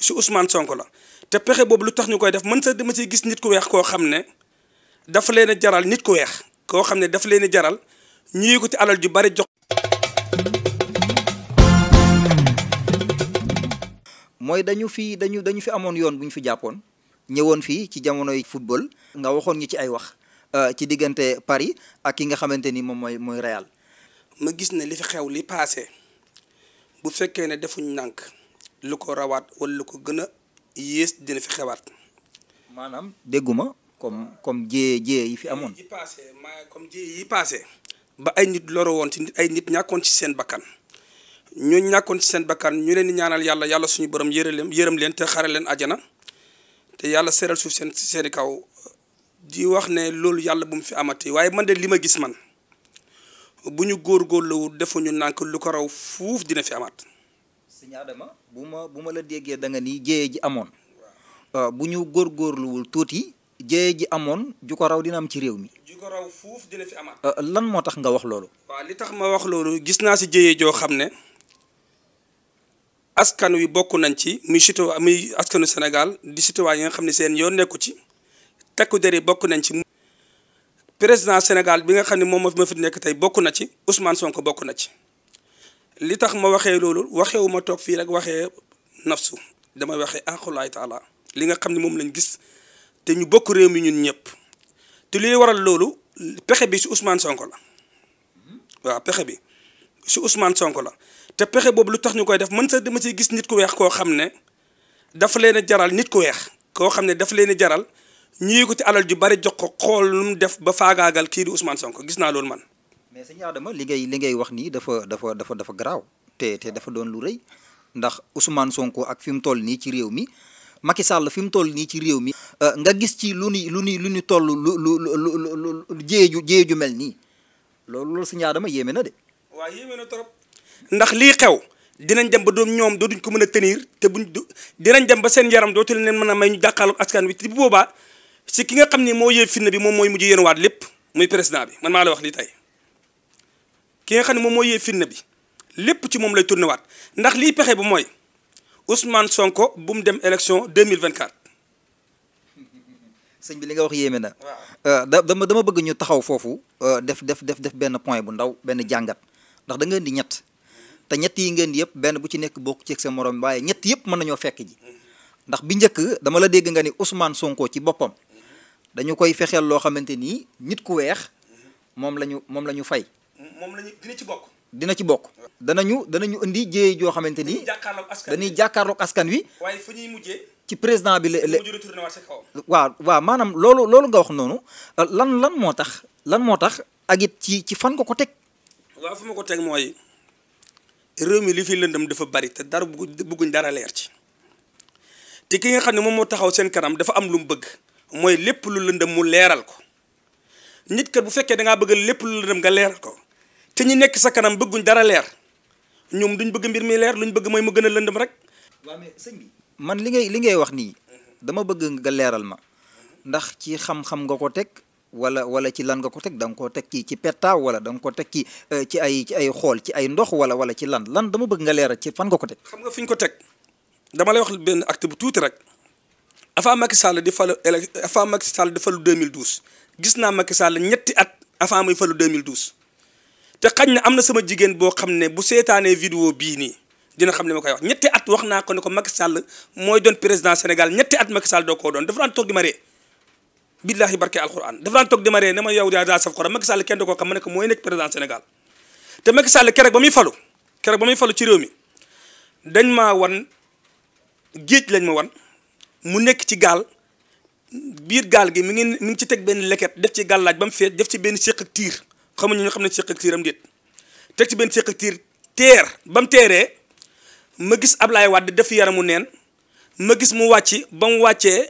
si Ousmane Sonko la te pexe boobu lu tax ñu koy def man sax dama ciy gis nit ku weex koo xam ne dafa leen a jaral nit ku weex koo xam ne dafa leen a jaral ñuy ko ci alal ju bari jox. mooy dañu fi dañu dañu fi amoon yoon bu ñu fi jàppoon ñëwoon fii ci jamonoy football nga waxoon ñu ci ay wax euh, ci diggante Paris ak ki nga xamante ni moom mooy mooy Real. ma gis ne li fi xew li paase bu fekkee ne defuñu nànk. lu ko rawaat wala lu ko gën a yées dina fi xewaat. maanaam dégguma comme comme jéye jéye yi fi amoon. yi passé maa comme jéye yi passé ba ay nit loro woon ci ay nit ñàkkoon ci seen bakkan ñu ñàkkoon ci seen bakkan ñu leen di ñaanal yàlla yàlla suñu borom yërëleem yërëm leen te xare leen ajana te yàlla seeral suuf seen seeni kaw di wax ne loolu yàlla bu mu fi amati waaye man de li ma gis man bu ñu góorgóorlu defuñu nànk lu ko raw fuuf dina fi amaat. sëñ Adama bu ma bu ma la déggee danga nga ni jéye ji amoon euh, bu ñu góorluwul tuuti jéye ji amoon ju ko raw dina am ci réew mi. ju ko raw fuuf dina fi amaat. Euh, lan moo tax nga wax loolu. waaw li tax ma wax loolu gis naa si jéye joo xam ne askan wi bokk nañ ci muy citoyen muy askanu senegal di citoyen yi nga xam ne seen yoon nekku ci takku dere bokk nañ ci. président senegal bi nga xam ne moom moo fi nekk tey bokk na ci Ousmane Sonko bokk na ci. li tax ma waxee loolu waxewuma toog fii rek waxee nafsu damay waxee aqulaay taala li nga xam ne moom lañ gis te ñu bokk réew mi ñun ñëpp te liy waral loolu pexe bi si Ousmane Sonko la waaw pexe bi si Ousmane Sonko la te pexe boobu lu tax ñu koy def man sax dama ciy gis nit ku weex koo xam ne dafa leen a jaral nit ku weex koo xam ne dafa leen a jaral ñu yëgu ci alal ju bare jox ko xool lu mu def ba faagaagal kii di Ousmane Sonko gis naa loolu man. mais sëñ Adama li ngay wax nii dafa dafa dafa dafa garaaw te te dafa doon lu rëy ndax Ousmane Sonko ak fi mu toll nii ci réew mi Macky Sall fi mu toll nii ci réew mi. Euh, nga gis ci lu ni lu ni lu ni toll lu lu lu lu jéeju jéeju mel nii loolu loolu sëñ Adama yéeme na de. waaw yéeme na trop. ndax lii xew. dinañ dem ba doom ñoom dootuñ ko mën a tenir te buñ dinañ dem ba seen yaram dootu leen mën a may ñu jàkkaarloog askan wi te bu boobaa si ki nga xam ni moo yëf fitna bi moom mooy mujj yéen waat lépp muy président bi man maa la wax lii tey. ki nga xam ne moom mooy yee fitna bi lépp ci moom lay tourné waat ndax liy pexe bu mooy Ousmane Sonko bu mu dem élection 2024. sëñ bi li nga wax yéeme na. Euh, da dama dama bëgg ñu taxaw foofu. Euh, def def def def benn point bu ndaw benn jàngat ndax da di ñett te ñett yi ngeen di yëpp benn bu ci nekk bokk ci ak sa morom waaye ñett yëpp mën nañoo fekk ji. ndax bi njëkk dama la dégg nga ni Ousmane Sonko ci boppam dañu koy fexeel loo xamante ni nit ku weex moom lañu moom la ñu fay. moom lañu dina ci bokk. dina ci bokk. ñu danañu indi jéey joo xamante ni. dañuy jàkkaarloog askan wi. waaye fu ñuy mujjee. ci président bi la la waaw waaw maanaam loolu loolu nga wax noonu lan lan moo tax lan moo tax ak it ci ci fan nga ko teg. waaw fu ma ko teg mooy réew mi li fi lëndëm dafa bari te dara bëgguñ dara leer ci te ki nga xam ne moom moo taxaw seen kanam dafa am lu mu bëgg mooy lépp lu lëndëm mu leeral ko nit kat bu fekkee dangaa ngaa lépp lu lëndam nga leeral ko. te ñi nekk sa kanam bëgguñ dara leer ñoom duñ bëgg mbir mi leer luñ bëgg mooy mu gën a lëndëm rek. waaw mais man li ngay li ngay wax nii dama bëgg nga leeral ma ndax ci xam-xam nga ko teg. wala wala ci lan nga ko teg da nga teg ci ci pettaaw wala da teg ci euh, ci ay ci ay xool ci ay ndox wala wala ci lan lan dama bëgg nga leeral ci fan nga ko teg. xam nga fi ñu ko teg dama lay wax benn acte bu tuuti rek avant Macky Sall di falu élec avant Macky Sall di falu 2012 gis naa Macky Sall ñetti at avant muy falu 2012 te xañ na am na sama jigéen boo xam ne bu seetaanee vidéo bii nii dina xam ne ma koy wax ñetti at wax naa ko ne ko Macky Sall mooy doon président Sénégal ñetti at Macky Sall doo koo doon dafa daan toog di ma ree billaahi barke alquran dafa daan toog di ma ree ma yow daa daa saf xorom Macky Sall kenn du ko xam ma ne ko mooy nekk président Sénégal te Macky Sall keroog ba muy falu keroog ba muy falu ci réew mi dañ maa wan géej lañ ma wan mu nekk ci gaal biir gaal gi mu ngi mi ngi ci teg benn leket def ci gàllaaj ba mu fees def ci benn séq tiir xamuñu ñu xam ne seq ak tiiram déet teg ci benn seq ak tiir teer ba teeree ma gis Ablaye Wade def yaramu neen ma gis mu wàcc ba mu wàccee.